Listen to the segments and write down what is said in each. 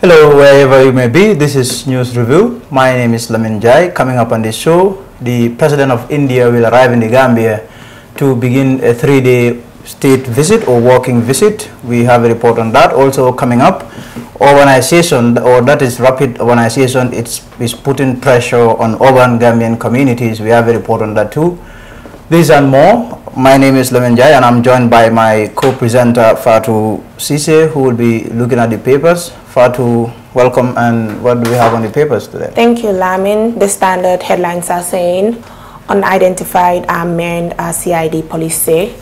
Hello, wherever you may be, this is News Review. My name is Lamin Jai. Coming up on this show, the President of India will arrive in the Gambia to begin a three-day state visit or walking visit. We have a report on that. Also coming up, urbanization, or that is rapid urbanization, it's, it's putting pressure on urban Gambian communities. We have a report on that too. These and more. My name is Lamin Jai and I'm joined by my co-presenter Fatu Sise who will be looking at the papers Fatu, welcome. And what do we have on the papers today? Thank you, Lamin. The standard headlines are saying unidentified armed men CID police say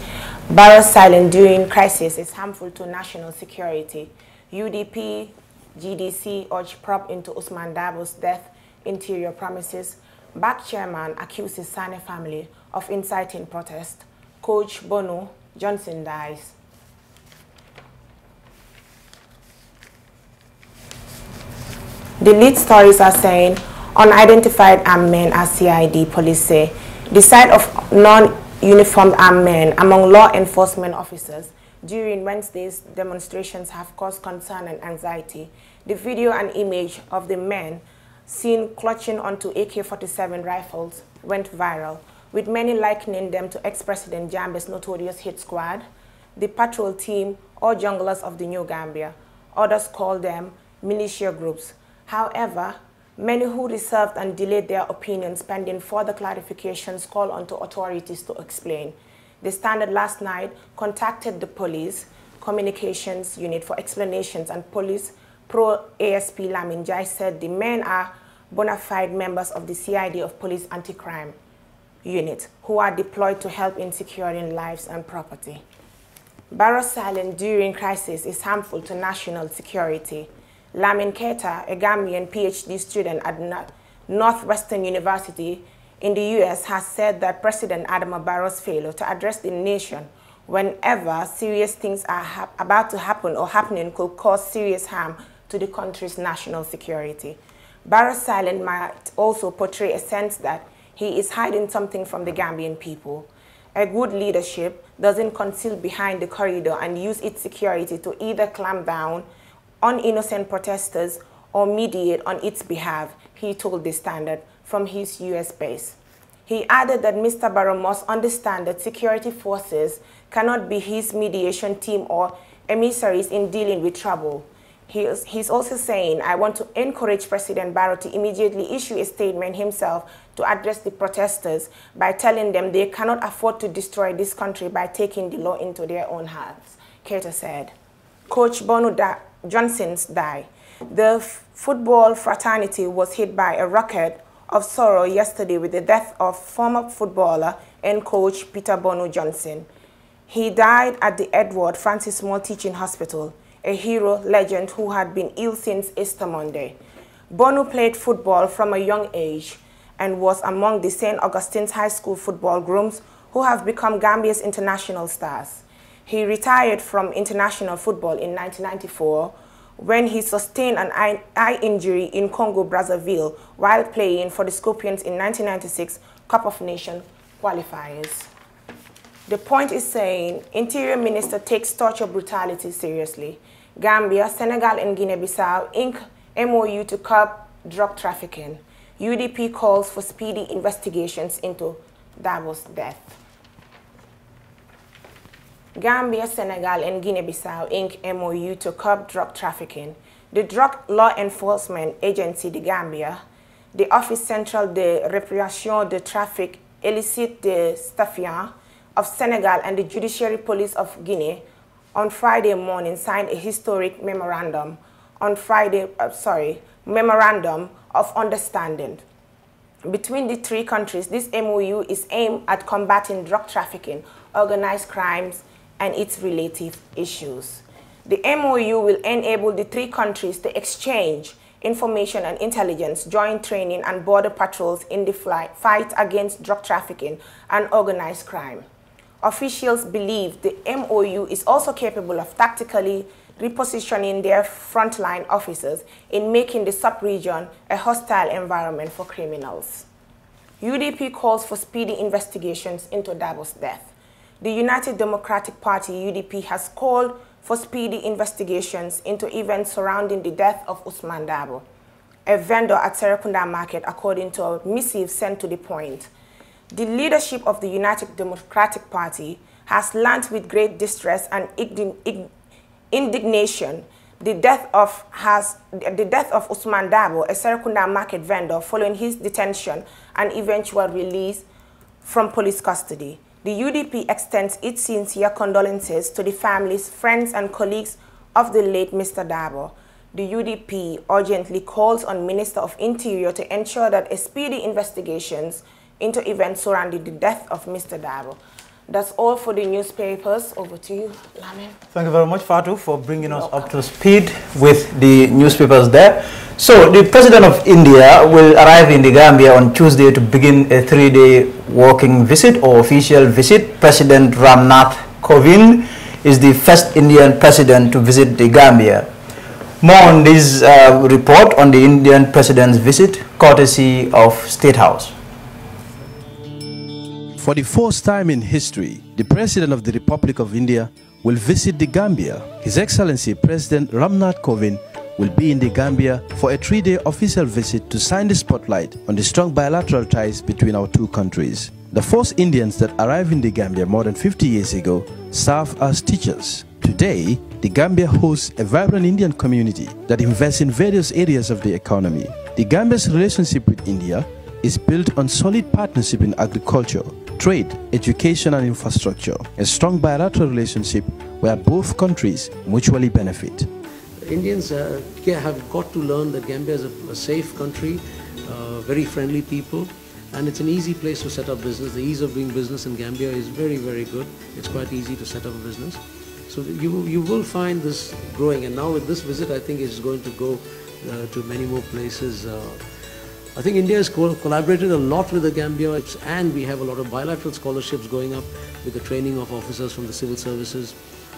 barrel silent during crisis is harmful to national security. UDP, GDC urge prop into Usman Dabo's death, interior promises. Back chairman accuses Sane family of inciting protest. Coach Bono Johnson dies. The lead stories are saying unidentified armed men are CID police say the sight of non-uniformed armed men among law enforcement officers during Wednesday's demonstrations have caused concern and anxiety. The video and image of the men seen clutching onto AK-47 rifles went viral, with many likening them to ex-President Jambe's notorious hit squad, the patrol team, or junglers of the New Gambia. Others call them militia groups. However, many who reserved and delayed their opinions pending further clarifications call on to authorities to explain. The Standard last night contacted the police communications unit for explanations and police pro ASP Laminjai said the men are bona fide members of the CID of Police Anti-Crime Unit who are deployed to help in securing lives and property. Barrow silence during crisis is harmful to national security. Lamin Keta, a Gambian PhD student at Northwestern University in the US, has said that President Adama Barrow's failure to address the nation whenever serious things are about to happen or happening could cause serious harm to the country's national security. Barrow's silence might also portray a sense that he is hiding something from the Gambian people. A good leadership doesn't conceal behind the corridor and use its security to either clamp down on innocent protesters or mediate on its behalf, he told the Standard from his US base. He added that Mr. Barrow must understand that security forces cannot be his mediation team or emissaries in dealing with trouble. He is, he's also saying, I want to encourage President Barrow to immediately issue a statement himself to address the protesters by telling them they cannot afford to destroy this country by taking the law into their own hands, Keita said. Coach Bonu Johnson's die. The football fraternity was hit by a rocket of sorrow yesterday with the death of former footballer and coach Peter Bono Johnson. He died at the Edward Francis Moore Teaching Hospital, a hero legend who had been ill since Easter Monday. Bono played football from a young age and was among the St. Augustine's High School football grooms who have become Gambia's international stars. He retired from international football in 1994 when he sustained an eye injury in Congo Brazzaville while playing for the Scorpions in 1996 Cup of Nations qualifiers. The point is saying Interior Minister takes torture brutality seriously. Gambia, Senegal and Guinea-Bissau ink MOU to curb drug trafficking. UDP calls for speedy investigations into Davos' death. Gambia, Senegal, and Guinea-Bissau Inc. MOU to curb drug trafficking, the Drug Law Enforcement Agency, the Gambia, the Office Central de Répression de Traffic (ELICIT) de Staffian of Senegal and the Judiciary Police of Guinea on Friday morning signed a historic memorandum on Friday, uh, sorry, memorandum of understanding. Between the three countries, this MOU is aimed at combating drug trafficking, organized crimes, and its relative issues. The MOU will enable the three countries to exchange information and intelligence, joint training and border patrols in the fight against drug trafficking and organized crime. Officials believe the MOU is also capable of tactically repositioning their frontline officers in making the sub-region a hostile environment for criminals. UDP calls for speedy investigations into Dabo's death. The United Democratic Party, UDP, has called for speedy investigations into events surrounding the death of Usman Dabo, a vendor at Serekunda Market, according to a missive sent to the point. The leadership of the United Democratic Party has learnt with great distress and indignation the death of has the death of Usman Dabo, a Serekunda market vendor, following his detention and eventual release from police custody the UDP extends its sincere condolences to the families, friends, and colleagues of the late Mr. Dabo. The UDP urgently calls on Minister of Interior to ensure that a speedy investigations into events surrounding the death of Mr. Dabo. That's all for the newspapers. Over to you, Lamin. Thank you very much, Fatu, for bringing You're us welcome. up to speed with the newspapers there. So the President of India will arrive in the Gambia on Tuesday to begin a three-day walking visit or official visit. President Ramnath Kovind is the first Indian president to visit the Gambia. More on this uh, report on the Indian president's visit, courtesy of State House. For the first time in history, the President of the Republic of India will visit the Gambia. His Excellency President Ramnath Kovind will be in the Gambia for a three day official visit to shine the spotlight on the strong bilateral ties between our two countries. The first Indians that arrived in the Gambia more than 50 years ago served as teachers. Today, the Gambia hosts a vibrant Indian community that invests in various areas of the economy. The Gambia's relationship with India is built on solid partnership in agriculture, trade, education and infrastructure, a strong bilateral relationship where both countries mutually benefit. Indians uh, have got to learn that Gambia is a, a safe country, uh, very friendly people, and it's an easy place to set up business. The ease of doing business in Gambia is very, very good. It's quite easy to set up a business. So you, you will find this growing, and now with this visit, I think it's going to go uh, to many more places. Uh, I think India has collaborated a lot with the Gambia and we have a lot of bilateral scholarships going up with the training of officers from the civil services.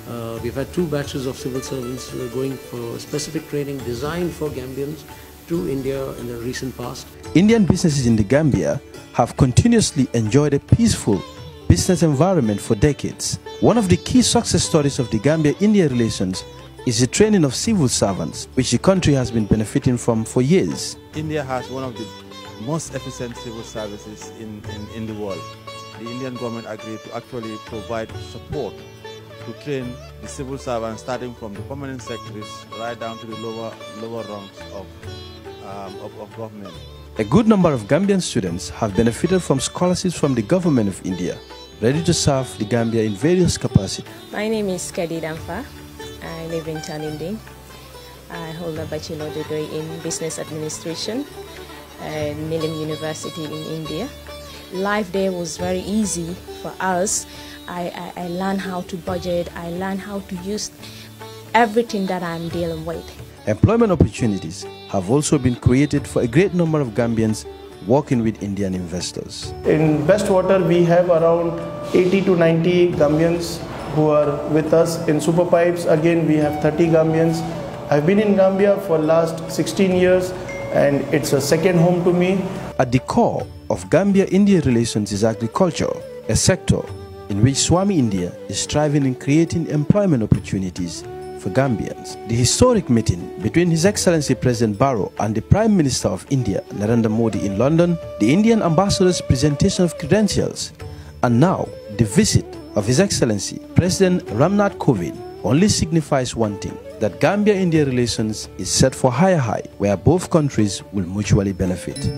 Uh, we've had two batches of civil servants going for specific training designed for Gambians to India in the recent past. Indian businesses in the Gambia have continuously enjoyed a peaceful business environment for decades. One of the key success stories of the Gambia-India relations is the training of civil servants, which the country has been benefiting from for years. India has one of the most efficient civil services in, in, in the world. The Indian government agreed to actually provide support to train the civil servants starting from the permanent secretaries right down to the lower, lower ranks of, um, of, of government. A good number of Gambian students have benefited from scholarships from the government of India, ready to serve the Gambia in various capacities. My name is Kadi Damfa. I live in Talinding. I hold a bachelor degree in business administration at Milam University in India. Life there was very easy for us I, I, I learn how to budget, I learn how to use everything that I'm dealing with. Employment opportunities have also been created for a great number of Gambians working with Indian investors. In Bestwater, we have around 80 to 90 Gambians who are with us. In Superpipes, again, we have 30 Gambians. I've been in Gambia for last 16 years and it's a second home to me. At the core of Gambia-India relations is agriculture, a sector in which Swami India is striving in creating employment opportunities for Gambians. The historic meeting between His Excellency President Barrow and the Prime Minister of India, Narendra Modi, in London, the Indian ambassador's presentation of credentials, and now the visit of His Excellency President Ramnath Kovind only signifies one thing that Gambia India relations is set for higher high, where both countries will mutually benefit.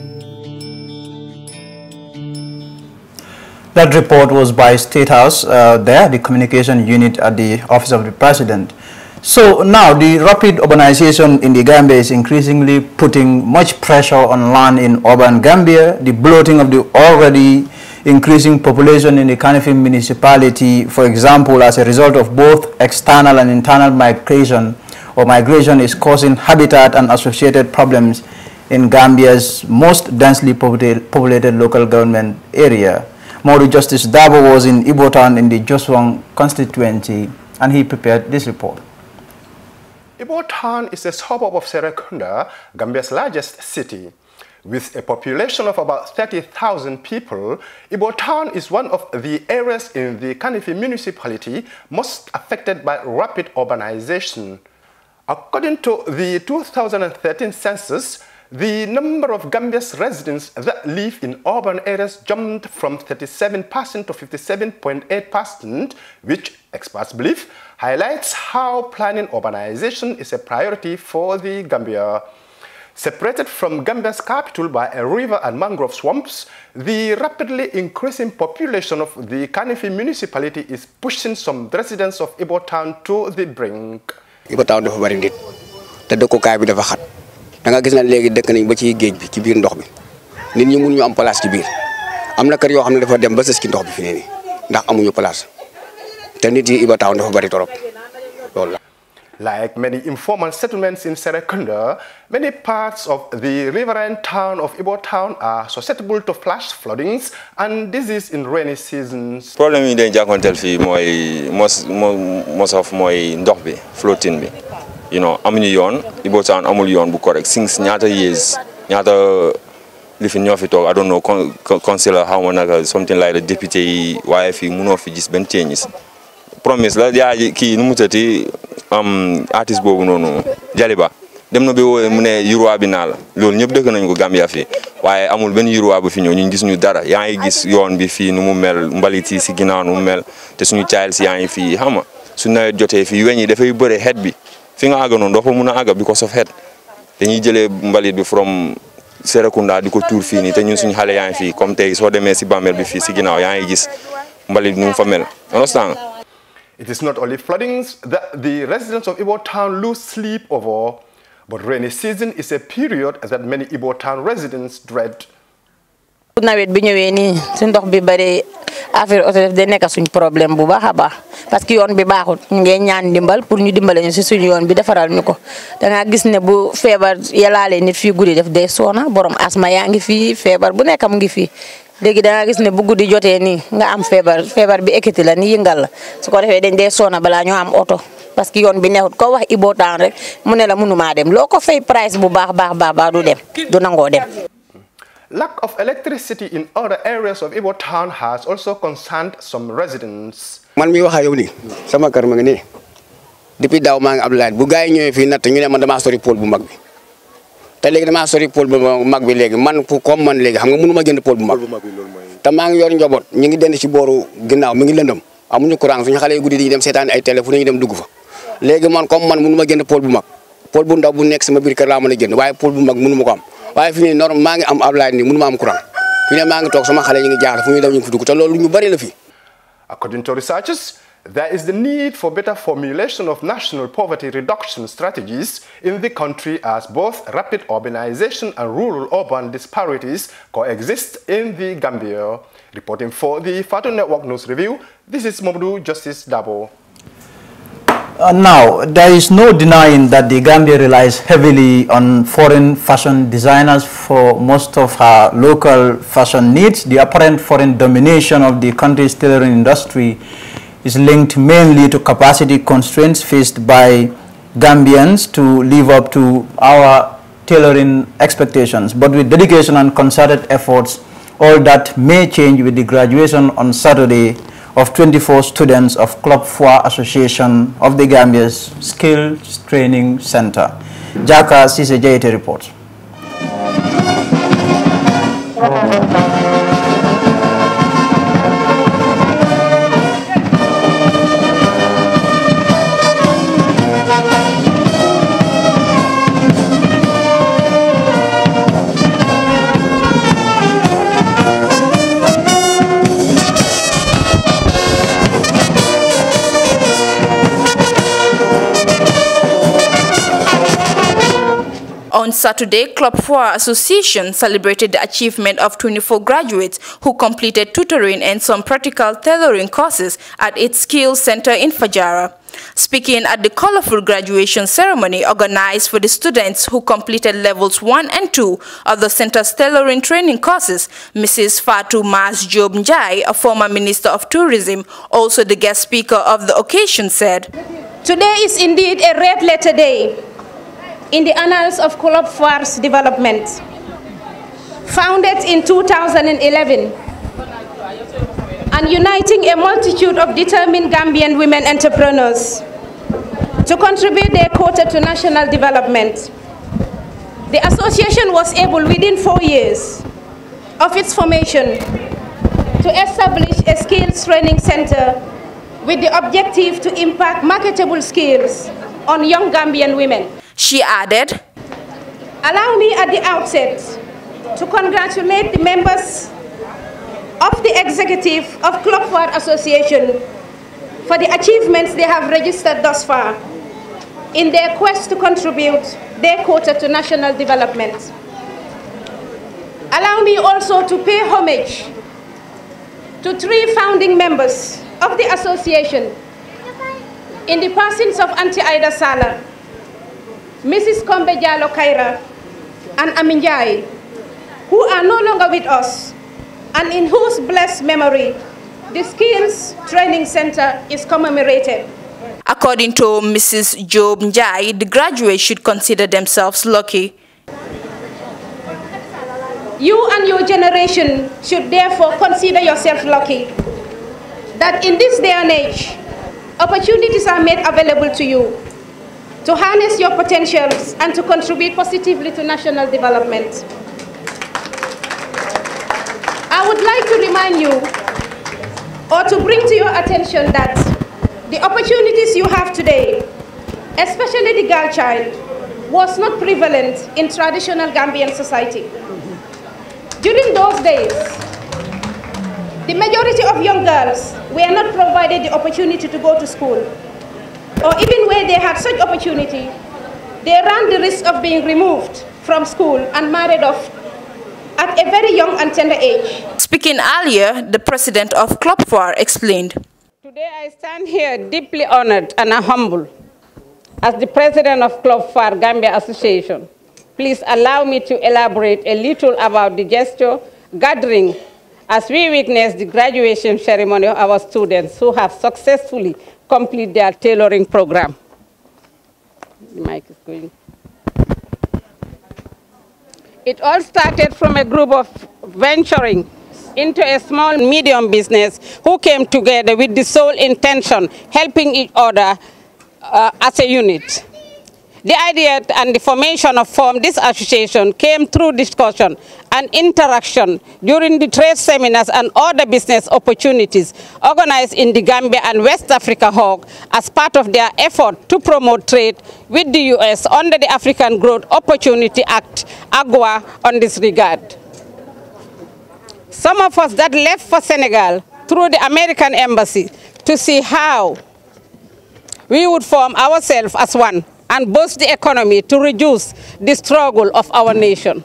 That report was by State House uh, there, the communication unit at the Office of the President. So now the rapid urbanization in the Gambia is increasingly putting much pressure on land in urban Gambia. The bloating of the already increasing population in the Kanifing municipality, for example, as a result of both external and internal migration or migration is causing habitat and associated problems in Gambia's most densely populated local government area. Maori Justice Dabo was in Ibotan in the Joswang constituency and he prepared this report. Ibotan is a suburb of Serekunda, Gambia's largest city. With a population of about 30,000 people, Ibotan is one of the areas in the Kanifi municipality most affected by rapid urbanization. According to the 2013 census, the number of Gambia's residents that live in urban areas jumped from 37% to 57.8%, which experts believe highlights how planning urbanization is a priority for the Gambia. Separated from Gambia's capital by a river and mangrove swamps, the rapidly increasing population of the Kanifi municipality is pushing some residents of Ibo town to the brink. Ibo town dafa bari da nga gis na léegi dëkk nañ ba ci géej bi ci biir ndox bi nit ñi mun ñu am place ci biir am na kër yoo xam ne dafa dem ba sës ci ndox bi fi ne nii ndax amuñu place te nit yi Iba Town dafa bari torop loolu la. Like many informal settlements in Serekunda, many parts of the riverine town of Ibo Town are susceptible to flash floodings and disease in rainy seasons. problème yi ñu doon jànkuwanteel fii mooy mos mos of mooy ndox bi flooding bi. you amuñu yoon Ibo Town amul yoon bu correct since ñaata years ñaata li fi ñoo fi toog I don't know councillor xaw ma naka something like that député yi waaye fii munoo fi gis benn changes promise la yaa kii nu mu tëti am artiste boobu noonu Jaliba dem na ba wooye mu ne yuruwaa bi naa la loolu ñëpp dëkk nañ ko Gambia fi waaye amul benn yuruwaa bu fi ñëw ñu gis ñu dara yaa ngi gis yoon bi fii nu mu mel mbalit yi si ginnaaw nu mu mel te suñu caayal si yaa ngi fii xam nga su nawet jotee fii weñ yi dafay bëre xeet bi fi nga àgg noonu doo fa mun a àgg because of heat dañuy jëlee mbalit bi from Serekunda di ko tuur fii nii te ñun suñu xale yaa ngi fii comme tey soo demee si bàmmeel bi fii si ginnaaw yaa ngi gis mbalit nu mu fa mel understand It is not only floodings that the residents of Ibo town lose sleep over, but rainy season is a period that many Ibo town residents dread. nawet bi ñëwee nii si ndox bi bare affaire OQTF day nek suñ problème bu baakha a baax parce que yone bi baaxul ñu ñaan dimbal pour ñu dimbalé ñu ci suñ yone bi défaral ñuko da nga gis né bu feebar yalaale nit fi guddi def day sona borom asma yaa ngi fii bu nekam ngi fi léegi da nga gis né bu guddi joté ni nga am fièvre fièvre bi ékété la ni yëngal la su ko défé dañ dee sona bala ñu am auto parce que yone bi neexut ko wax Ibo rek mu né la mënumaa dem loko fay price bu baax baax baax baax du dem du nango dem Lack of electricity in other areas of Ibo town has also concerned some residents. Man mi waxa yow ni sama kar ma ngi ni depuis daw ma ngi Abdoulaye bu gay ñëwé fi nat ñu né man dama sori pôle bu mag bi. Té légui dama sori pôle bu mag bi légui man ku comme man légui xam nga mënuma gënd pôle bu mag. Té ma ngi yor njobot ñi ngi dend ci boru ginnaw mi ngi lëndëm amuñu courant suñu xalé guddi di dem sétane ay téléphone ñi dem dugg fa. Légui man comme man mënuma gënd pôle bu mag. Pôle bu ndaw bu nekk sama biir kër la la gënd waye pôle bu mag mënuma ko am. ngi am ablaye am courant ngi sama xale yi ngi fu daw ñu dugg loolu ñu la fi. According to researchers, there is the need for better formulation of national poverty reduction strategies in the country as both rapid urbanization and rural-urban disparities coexist in the Gambia. Reporting for the Fato Network News Review, this is Mobudu Justice Dabo. Uh, now, there is no denying that the Gambia relies heavily on foreign fashion designers for most of her local fashion needs. The apparent foreign domination of the country's tailoring industry is linked mainly to capacity constraints faced by Gambians to live up to our tailoring expectations. But with dedication and concerted efforts, all that may change with the graduation on Saturday of 24 students of Club Four Association of the Gambia's Skills Training Center. Jaka CCJT report. Saturday, Club Four Association celebrated the achievement of 24 graduates who completed tutoring and some practical tailoring courses at its skills center in Fajara. Speaking at the colorful graduation ceremony organized for the students who completed levels 1 and 2 of the center's tailoring training courses, Mrs. Fatu Mas Job Njai, a former Minister of Tourism, also the guest speaker of the occasion, said, Today is indeed a red letter day in the annals of Kulop Foir's development. Founded in 2011 and uniting a multitude of determined Gambian women entrepreneurs to contribute their quota to national development. The association was able within four years of its formation to establish a skills training center with the objective to impact marketable skills on young Gambian women. She added, Allow me at the outset to congratulate the members of the executive of Clockwork Association for the achievements they have registered thus far in their quest to contribute their quota to national development. Allow me also to pay homage to three founding members of the association in the persons of Auntie Ida Salah, Mrs. Kombe Jalo Kaira, and Aminjai, who are no longer with us, and in whose blessed memory the Skills Training Center is commemorated. According to Mrs. Job Njai, the graduates should consider themselves lucky. You and your generation should therefore consider yourself lucky that in this day and age, opportunities are made available to you to harness your potentials and to contribute positively to national development. I would like to remind you or to bring to your attention that the opportunities you have today, especially the girl child, was not prevalent in traditional Gambian society. During those days, the majority of young girls were not provided the opportunity to go to school or even where they had such opportunity, they ran the risk of being removed from school and married off at a very young and tender age. Speaking earlier, the president of Club explained. Today I stand here deeply honored and humble as the president of Club Gambia Association. Please allow me to elaborate a little about the gesture gathering as we witness the graduation ceremony of our students who have successfully complete their tailoring program. The mic is going. It all started from a group of venturing into a small medium business who came together with the sole intention helping each other uh, as a unit. The idea and the formation of form this association came through discussion and interaction during the trade seminars and other business opportunities organized in the Gambia and West Africa Hawk as part of their effort to promote trade with the U.S. under the African Growth Opportunity Act, AGWA, on this regard. Some of us that left for Senegal through the American Embassy to see how we would form ourselves as one and boost the economy to reduce the struggle of our nation.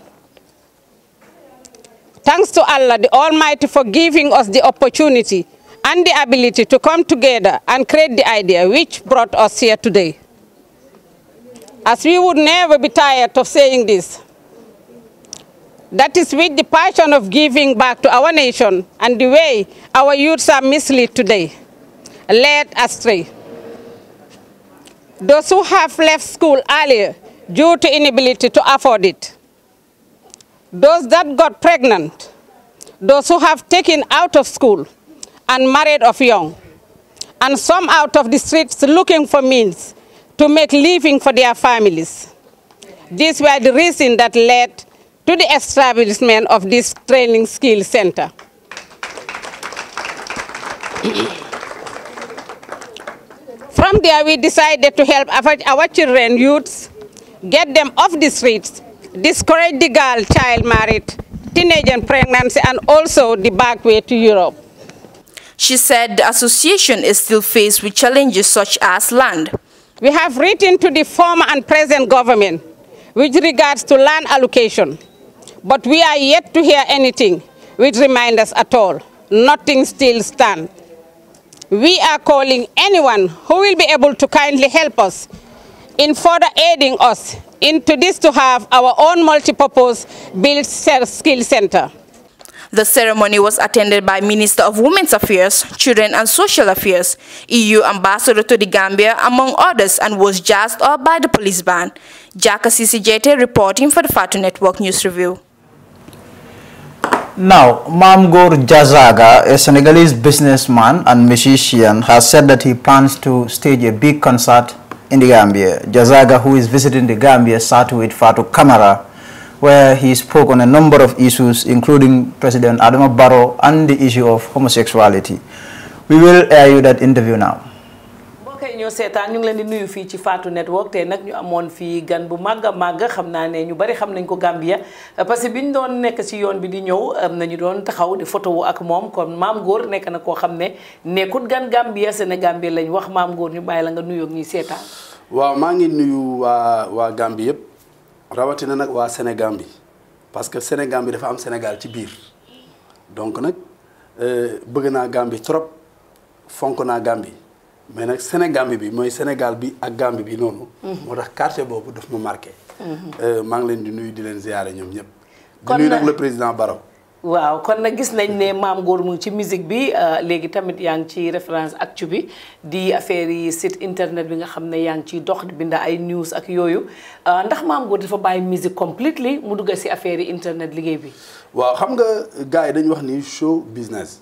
Thanks to Allah, the Almighty, for giving us the opportunity and the ability to come together and create the idea which brought us here today. As we would never be tired of saying this, that is with the passion of giving back to our nation and the way our youths are misled today, led astray. Those who have left school earlier due to inability to afford it. Those that got pregnant. Those who have taken out of school and married off young. And some out of the streets looking for means to make living for their families. These were the reasons that led to the establishment of this training skill center. From there, we decided to help our children, youths, get them off the streets, discourage the girl child marriage, teenage and pregnancy, and also the back way to Europe. She said the association is still faced with challenges such as land. We have written to the former and present government with regards to land allocation, but we are yet to hear anything which reminds us at all. Nothing still stands we are calling anyone who will be able to kindly help us in further aiding us into this to have our own multi-purpose built skill center. The ceremony was attended by Minister of Women's Affairs, Children and Social Affairs, EU Ambassador to the Gambia, among others, and was jazzed up by the police band. Jack CCJT reporting for the Fatu Network News Review. Now, Mamgour Jazaga, a Senegalese businessman and musician, has said that he plans to stage a big concert in the Gambia. Jazaga, who is visiting the Gambia, sat with Fatou Kamara, where he spoke on a number of issues, including President Adama Barrow and the issue of homosexuality. We will air you that interview now. mbokk yi ñoo seetaan ñu ngi leen di nuyu fii ci Fatou Network te nag ñu amoon fii gan bu màgg a màgg xam naa ne ñu bari xam nañ ko Gambia parce que bi ñu doon nekk ci yoon bi di ñëw am nañu doon taxaw di photo wu ak moom kon maam góor nekk na koo xam ne nekkut gan gàmbi Gambia Sénégambie lañ wax maam góor ñu bàyyi la nga nuyoog ñuy seetaan. waaw maa ngi nuyu waa waa Gambie yëpp rawatina nag waa bi parce que bi dafa am senegal ci biir donc nag euh, bëgg naa Gambie trop fonk naa Gambie. mais nag Sénégambie bi mooy Sénégal bi ak Gambie bi noonu. Mhm. moo tax quartier boobu daf ma marqué. Mhm. Euh, maa ngi leen di nuyu di leen ziare ñoom ñëpp. kon nag di président Barrow. waaw kon nag gis nañ ne maam góor mu ci musique bi euh, léegi tamit yaa ngi ci référence actu bi di affaire yi site internet bi nga xam ne yaa ngi ciy dox di bind ay news ak yooyu euh, ndax maam góor dafa bàyyi musique completely mu dugg si affaire yi internet liggéey bi. waaw xam nga gars yi dañu wax ni show business.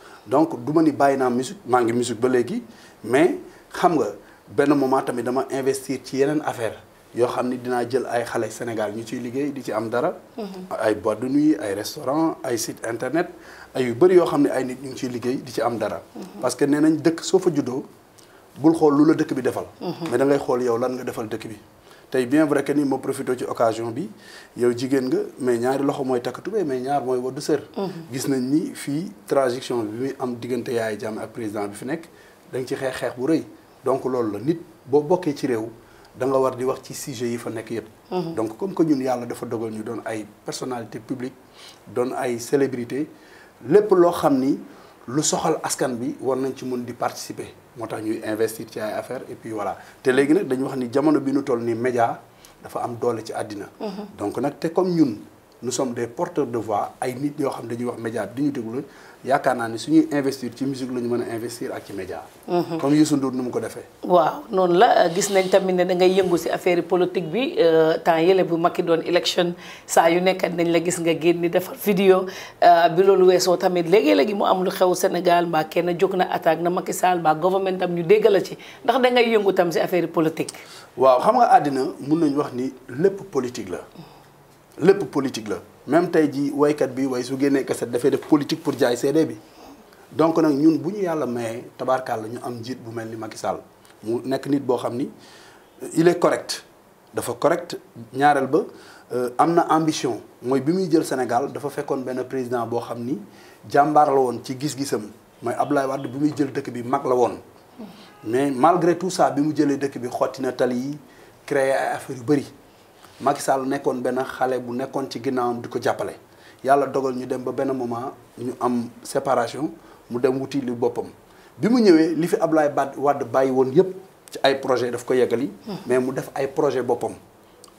donc du ma ni bàyyi naa musique maa ngi musique ba léegi mais xam nga benn moment tamit dama investir ci yeneen affaire yoo xam ni dinaa jël ay xale Sénégal ñu ciy liggéey di ci am dara. Mm-hmm. ay boîte du nuit ay restaurant ay site internet ay yu bëri yoo xam ne ay nit ñu ngi ciy liggéey di ci am dara. Mm-hmm. parce que nee nañ dëkk soo fa juddoo bul xool lu la dëkk bi defal. Mm-hmm. mais da xool yow lan nga defal dëkk bi. tay bien vrai que ni nous profité ci occasion bi yow jigen nga mais ñaari loxo moy takatu be mais ñaar mhm. gis nañ ni fi bi am yaay président bi fi nek dang ci donc loolu la nit bo bokké ci réew da nga war di wax ci sujet yi fa mhm. donc comme que ñun yalla dafa dogal ñu personnalité publique ay célébrité lepp le soxal askan bi war nañ ci mën di participer moo ñuy investir ci ay affaire et puis voilà té légui nak dañ wax ni jamono bi ñu toll ni média dafa am doole ci adina mhm. donc nak té comme ñun nous sommes des porteurs de voix ay nit yoo xam dañuy wax média diñu déglu yaakaar naa ni suñuy investir ci musique la ñu mën investir ak ci média. Mhm. comme Youssou Ndour nu ko défé waaw non la gis nañ tamit né da ngay yëngu ci affaire politique bi euh temps yele bu Macky doon election saa yu nekk nañ la gis nga génni défa vidéo euh bi lolou wéso tamit léegi légui mu am lu xew Sénégal ba kenn jóg na attaque na Macky Sall ba gouvernement tam ñu déggal ci ndax da ngay yëngu tam ci affaire politique. waaw xam nga adina mun nañ wax ni lepp politique la mhm. lepp politique la même tey ji kat bi way su génnee kaset dafay def politique pour jaay CD bi donc nak ñun buñu yalla may mayee ñu am jitt bu melni ni Macky Sall mu nek nit bo xamni euh, il est correct dafa correct ñaaral ba euh, am na ambition moy bi muy jël Sénégal dafa fekkon ben président bo xamni jambar la won ci gis-gisam moy Abdoulaye wad bi muy jël dëkk bi mag la won mais malgré tout ça bi mu jëlee dëkk bi xotina tali créer affaire yu bari Macky Sall nekkoon benn xale bu nekkoon ci ginnaawam di ko jàppale yàlla dogal ñu dem ba benn moment ñu am séparation mu dem wuti boppam bi mu ñëwee li fi Ablaye Ba Wade bàyyi woon yëpp ci ay projet daf ko yeggali. Hmm. mais mu def ay projet boppam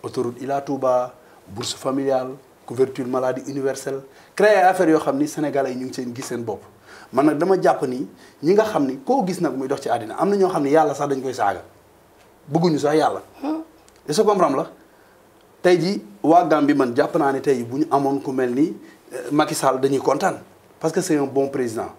autoroute Ila Touba bourse familiale couverture maladie universelle créé affaire yoo xam ni sénégalais yi ñu ngi seen gis seen bopp man nag dama jàpp ni ñi nga xam ni koo gis nag muy dox ci àddina am na ñoo xam ni yàlla sax dañ koy saaga bëgguñu sax yàlla la hmm. tayji wa waa Gambie man jàpp naa ne tey amone ku melni ni eh, Macky Sall dañuy contane parce que c'est un bon président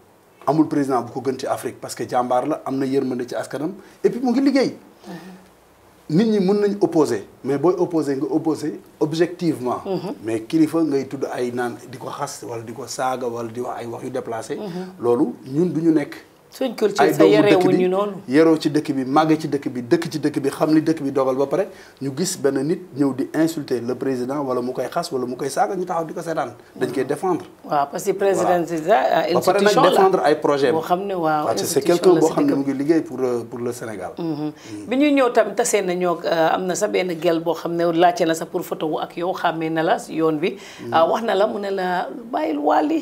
amul président bu ko gën ci Afrique parce que jambar la am na ci askanam et puis mo ngi liggéey. Mm-hmm. nit ñi mën nañ opposé mais boy opposé nga opposé objectivement. Mm-hmm. mais kilifa ngay tudd ay naan diko xass wala diko saga wala di wax ay wax yu déplacé. Mm-hmm. lolu ñun duñu nek suñ culture sa yarewuñu noonu yaroo ci dëkk bi màgge ci dëkk bi dëkk ci dëkk bi xam ni dëkk bi dogal ba pare ñu gis benn nit ñëw di insulter le président wala mu koy xas wala mu koy saaga ñu taxaw di ko seetaan dañ koy défendre waaw parce que président c'est ça ah, institution la ba pare ay projet boo xam ne waaw c'est quelqu'un boo xam ne mu ngi liggéey pour euh, pour le Sénégal mm-hmm. mm. bi ñuy ñëw tamit tasee na ñoo euh, am na sa benn gel boo xam ne laajte na sa pour photo ak yow xàmmee na la yoon bi mm. ah, wax na la mu ne la bàyyil wàlli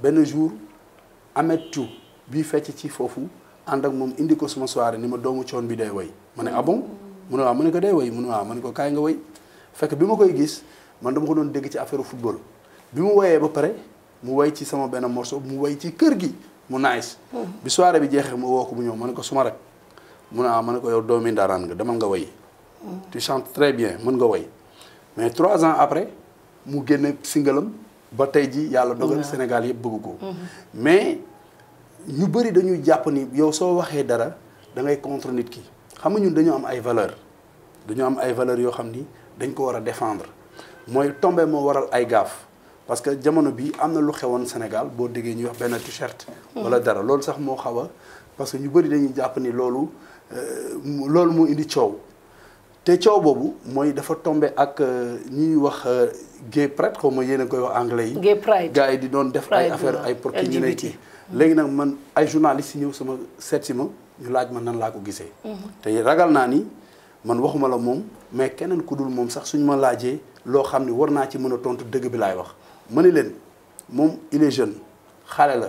benn jour Amet Thiou bii fecc ci fofu and ak mom indi ko suma soirée ni ma doomu coon bi day way mané ne ah bon mu ne waaw ah, ko day way mu ne waaw ah, ko kay nga way fekk bima koy gis man dama ko don dégg ci affaire football bi wayé ba paré mu way ci sama ben morceau mu way ci kër gi mu nice bi soirée bi jeexee mu woko ko mu ñëw ma ko suma rek mu ne ah ko yow doomi ndaran nga demal nga way tu chantes très bien mën nga way mais 3 ans après mu génne singalam ba tay ji yalla dogal senegal yeb bëgg mhm. mais ñu bëri dañu japp ni yow so waxé dara da ngay contre nit ki xam nga ñun dañu am ay valeur dañu am ay valeur yo xamni dañ ko wara défendre moy tomber mo waral ay gaaf parce que jamono bi am lu xewon Senegal, bo déggee ñu wax ben t-shirt wala mhm. dara lool sax mo xawa parce que ñu bëri dañu japp ni loolu euh, loolu mo indi ciow te coow boobu mooy dafa tombe ak euh, ñuy wax euh, gay pride xaw ma yéen a koy wax anglais yi. gay pride yi di doon def ay affaire ay proxémités léegi nag man ay journalistes yi ñëw sama seet si ma ñu laaj ma nan laa ko gisee. Mhm. te ragal naa ni man waxuma la moom mais keneen ku dul moom sax suñu ma laajee loo xam ni war naa ci mën a tontu dëgg bi laay wax. ma ne leen moom il est jeune xale la.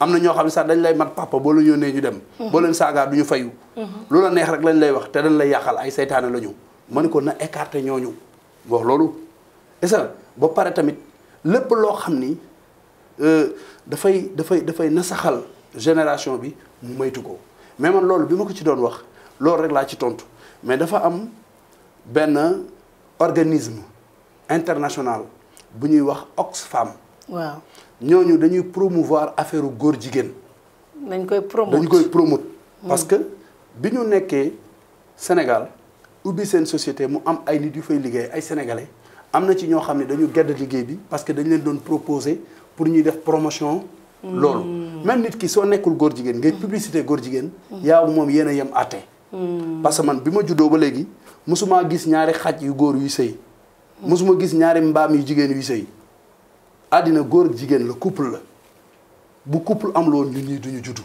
am na ñoo xam ne sax dañ lay mat papa boo la yónnee ñu dem. boo leen saagaa du ñu fayu. lu la neex rek lañ lay wax te dañ lay yàqal ay saytaane la ñu. ma ne ko na écarté ñooñu wax loolu ba pare tamit lépp loo xam ni euh, dafay dafay dafay nasaxal génération bi moytu ko mais man loolu bi ma ko ci doon wax loolu rek laa ci tontu mais dafa am benn organisme international bu ñuy wax Oxfam. waaw ñooñu dañuy promouvoir affaire góor jigéen. dañ koy promouvoir dañ koy promouvoir. Hmm. parce que bi ñu nekkee Sénégal ubbi seen société mu am ay nit yu fay liggéey ay sénégalais am na ci ñoo xam ne dañu gedd liggéey bi parce que dañ leen doon proposer pour ñuy def promotion. Hmm. loolu même nit ki soo nekkul góor jigéen ngay hmm. publicité góor jigéen. yaaw moom yéen a yem àtte. parce que man bi ma juddoo ba léegi mosuma gis ñaari xaj yu góor yuy sëy. mosuma gis ñaari mbaam yu jigéen yu sëy. àddina góor jigéen la couple la bu couple am loon ñun ñii duñu juddu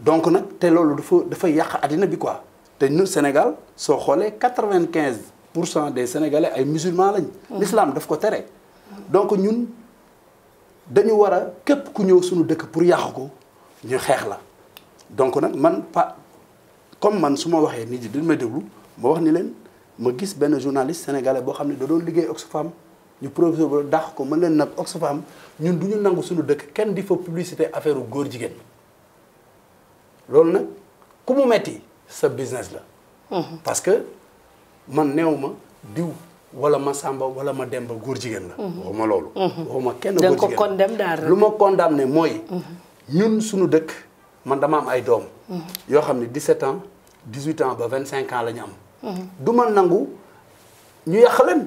donc nag te loolu dafa dafa yàq àddina bi quoi te nu Sénégal soo xoolee quatre-vingt-quinze pour cent des sénégalais ay musulmans lañ. Mm. l'islam daf ko tere. donc ñun dañu war a képp ku ñëw suñu dëkk pour yàqu ko ñu xeex la donc nag man pa comme man su ma waxee nit yi dañ ma déglu ma wax ni leen ma gis benn journaliste sénégalais boo xam ne da doon liggéey Oxfam ñu proviseur ba dàq ko mën leen nag Oxfam ñun du ñu nangu suñu dëkk kenn di fa publicité affaire góor jigéen loolu nag ku mu metti sa business la. Mhm. parce que man neew ma diw wala ma sàmba wala ma demba góor jigéen la. Mhm. waxuma loolu. Mhm. waxuma kenn góor jigéen ko condamné daal lu ma condamné mooy. ñun suñu dëkk man dama am ay doom. yoo xam ne 17 ans 18 ans ba 25 ans la ñu am. du nangu ñu yàq leen.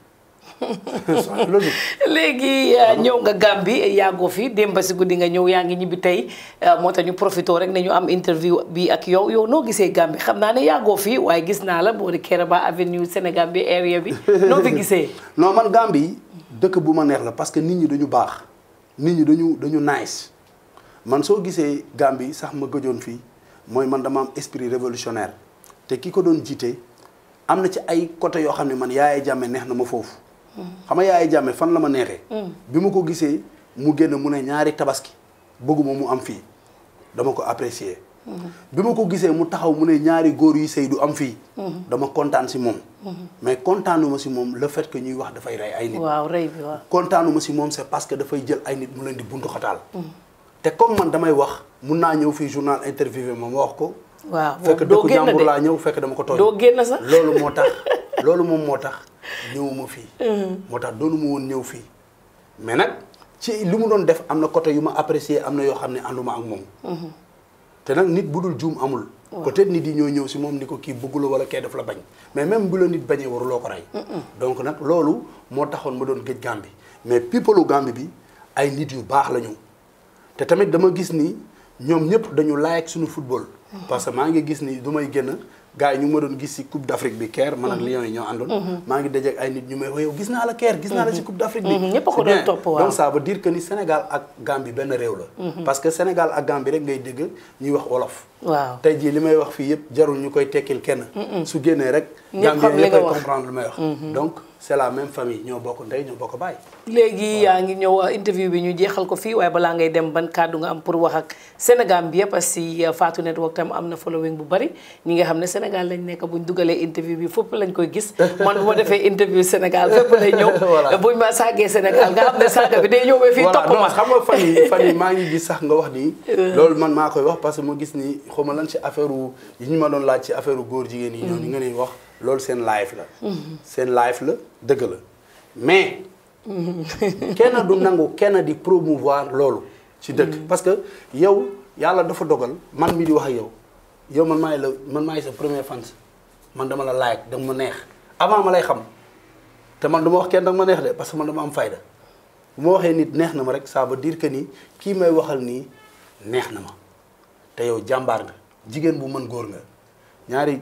léegi euh, ñëw nga Gàmbi yàggoo fii démb si guddi nga ñëw yaa ngi ñibbi tey euh, moo tax ñu profité rek nañu am interview bi ak yow yow noo gisee Gàmbi xam naa ne yàggoo fii waaye gis naa la de kere Kereba avenue Sénégal bi area bi noo fi gisee. noo man Gàmbi dëkk bu ma neex la parce que nit ñi dañu baax nit ñi dañu dañu nice man soo gisee Gàmbi sax ma gëjoon fii mooy man dama am esprit révolutionnaire te ki ko doon jiite am na ci ay côté yoo xam ne man Yaya Jammeh neex na ma foofu. xam nga yaay jàmme fan la ma nexé hmm. bi ma ko gissé mu génné mu né ñaari tabaski bëgguma mu am fi dama ko apprécier. Hmm. bi ma ko gissé mu taxaw mu né ñaari góor yu sëy am fi hmm. dama kontaan ci mom mais kontaanuma ci mom le fait que ñuy wax da fay ray ay nit. waaw ray bi waaw. kontaanuma ci mom c'est parce que da fay jël ay nit mu leen di buntu xatal té comme man damay wax mun na ñëw fi journal interviewé mom wax ko. waaw fekk dëkku jàmbur la ñëw fekk dama ko toy do génn sax lolu moo tax loolu moom moo tax. ñëwuma fii. Mm-hmm. moo tax doonu ma woon ñëw fii mais nag ci li mu doon def am na côté yu ma apprécier am na yoo xam ne ànduma ak moom. Mm-hmm. te nag nit bu dul juum amul. peut-être nit yi ñoo ñëw si moom ni ko kii bëggula wala kee daf la bañ mais même bu la nit bañee waruloo ko rey. donc nag loolu moo taxoon ma doon gëj Gàmbi mais people Gàmbi bi ay nit yu baax la te tamit dama gis ni ñoom ñëpp dañu laaj suñu football. Mm-hmm. parce que maa ngi gis ni du génn gars ñu ma doon gis ci coupe d'afrique bi Caire man ak mhm. lion yi ñoo àndoon mhm. ma ngi ak ay nit ñu may wooyow gis na la Caire gis na la mhm. ci coupe d'afrique bi ñepp ko doon top waaw donc ça veut dire que ni sénégal ak Gambie benn réew la parce que sénégal ak Gambie rek ngay dégg ñi wax wolof waaw tay ji limay wax fi yépp jarul ñukoy koy tekkil kenn su génné rek Gambie ñëpp ay comprendre li may wax donc c'est la même famille ñoo bokk ndey ñoo bokk baay. léegi yaa ngi ñëw interview bi ñu jeexal ko fii waaye balaa ngay dem ban kàddu nga am pour wax ak Sénégal bi yëpp parce que uh, Fatou am na following bu bari ñi nga xam ne Sénégal lañ nekk buñ dugalee interview bi fépp lañ koy gis man bu ma defee interview Sénégal fépp lay ñëw. Uh, buñ saagee Sénégal nga xam ne saaga bi day ñëw ba fii topp ma. xam nga fan maa ngi gis sax nga wax nii. Uh. loolu man maa koy wax parce que ma gis ni xaw ma lan ci affaire yu ñu ma doon laaj ci affaire góor jigéen yi ñu nga wax lolu sen life la. Mhm. sen life la deug la mais. Mhm. kenn du nangu kenn di promouvoir lolu ci deuk mhm. parce que yow yalla dafa dogal man mi di wax yow yow man maay la man maay sa premier fans man dama la like dama neex avant ma lay xam te man duma wax kenn dama neex de parce que man dama am fayda bu ma waxee nit neex na ma rek ça veut dire que ni kii may waxal ni neex na ma te yow jàmbaar nga jigéen bu man góor nga ñaari.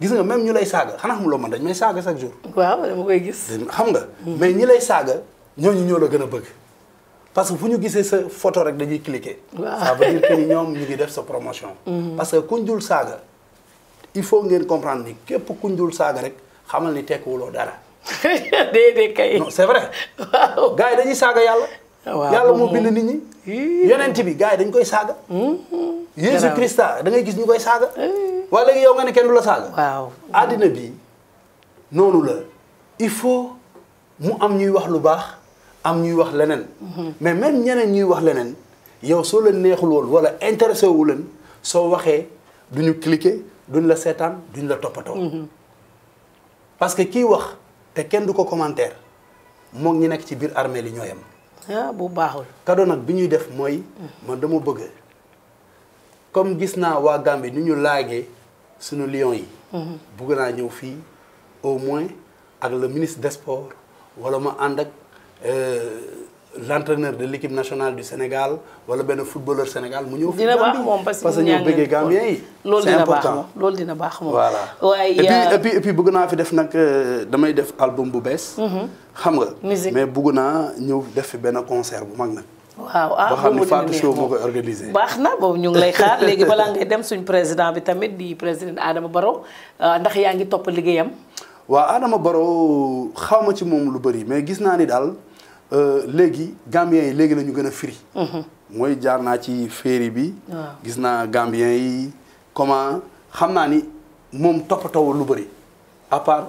gis nga même ñu lay saaga xanaa xam loo man dañ may saaga chaque jour. waaw dama koy gis. xam nga mais ñi lay saaga ñooñu ñoo la gën a bëgg parce que fu ñu gisee sa photo rek dañuy cliquer. waaw ça ñoom ñu ngi def sa promotion. Mhm. parce que kuñ saaga il faut ngeen comprendre ni képp kuñ dul saaga rek xamal ni tekkuwuloo dara. déedéet kay. non c'est vrai. yi dañuy saaga yàlla. waaw yàlla moo bind nit ñi. yonent bi gars yi dañ koy saaga. Mhm. Jésus Christa da ngay gis ñu koy saaga. waaye léegi yow nga ne kenn du la saaga. waaw àddina bi noonu la il faut mu am ñuy wax lu baax am ñuy wax leneen. Mhm. mais même ñeneen ñuy wax leneen yow soo leen neexul woon wala intéressé wu leen soo waxee du ñu cliquer duñ la seetaan duñ la toppatoo. Mhm. parce que kii wax te kenn du ko commentaire moom ñi nekk ci biir armée li ñoo yem. Ah, bu baaxul. cadeau nag bi ñuy def mooy. Mhm. man dama bëgg comme gis naa waa Gambie ñu ñu laagee suñu lions yi. bugg naa ñëw fi, au moins ak le ministre des sports wala moi ànd ak euh, de l'équipe nationale du Sénégal wala le footballeur Sénégal mu ñëw. dina parce que ñu bëggee Gambien yi. loolu dina baax moom dina baax moom voilà. waaye et puis et puis bëgg fi def nak euh, damay def album bu bees. Mhm. xam nga. mais bëgg naa ñëw def fi benn concert bu mag waaw ah boo xam ne Show moo koy organisé. baax na boobu ñu ngi lay xaar léegi balaa ngay dem suñ président bi tamit di président Adama Barrow ah, ndax yaa ngi topp liggéeyam. waaw Adama Barrow xaw ma ci moom lu bëri mais gis naa ni daal euh, léegi Gambien yi léegi la ñu gën a firi. Mhm. mooy jaar naa ci féeri bi. gis naa Gambien yi comment xam naa ni moom toppatoo lu bëri à part.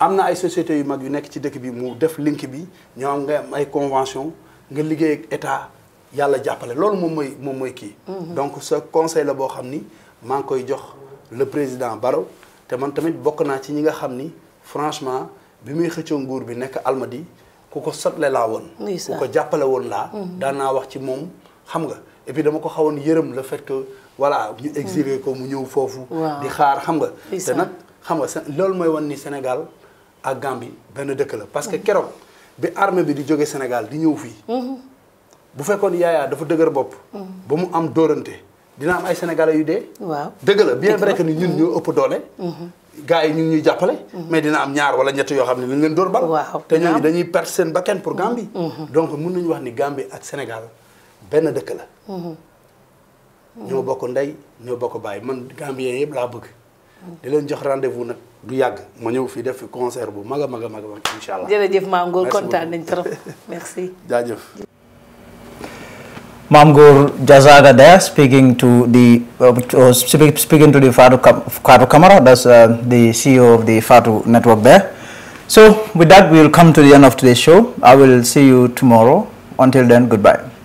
Il ay sociétés yu mag yu nek ci bi mu def link bi nga ay convention nga liggéey donc ce conseil la le président Baro. te man tamit bokk naa ci ñi nga franchement bi muy xëccoo bi Almadi ku ko sotle laa woon. ku ko jàppale woon mhm. et puis dama ko xawoon le fait que voilà ñu exilé mhm. ko di xaar xam nga. Sénégal. ak Gambie benn dëkk la parce que keroog bi armée bi di jóge Sénégal di ñëw fii bu fekkoon yaayaa dafa dëgër bopp ba mu am dóorante dina am ay sénégalais yu dee waaw dëgg la bien vrai que ni ñun ñoo ëpp doole gars yi ñu ngi ñuy jàppale mais dina am ñaar wala ñett yoo xam ne dañ leen dóor bal waaw te ñooñu dañuy perte seen bakkan pour Gambie mhm. donc mun nañu wax ni Gambie ak Sénégal benn dëkk la mhm. ñoo bokk ndey ñoo bokk bàyyi man Gambien yëpp laa bëgg di jox rendez-vous du ma ñëw def concert bu trop merci. Mamgur Jazaga there speaking to the uh, uh speaking to the Fatu, Fatu Kamara, that's uh, the CEO of the Fatu network there. So with that, we will come to the end of today's show. I will see you tomorrow. Until then, goodbye.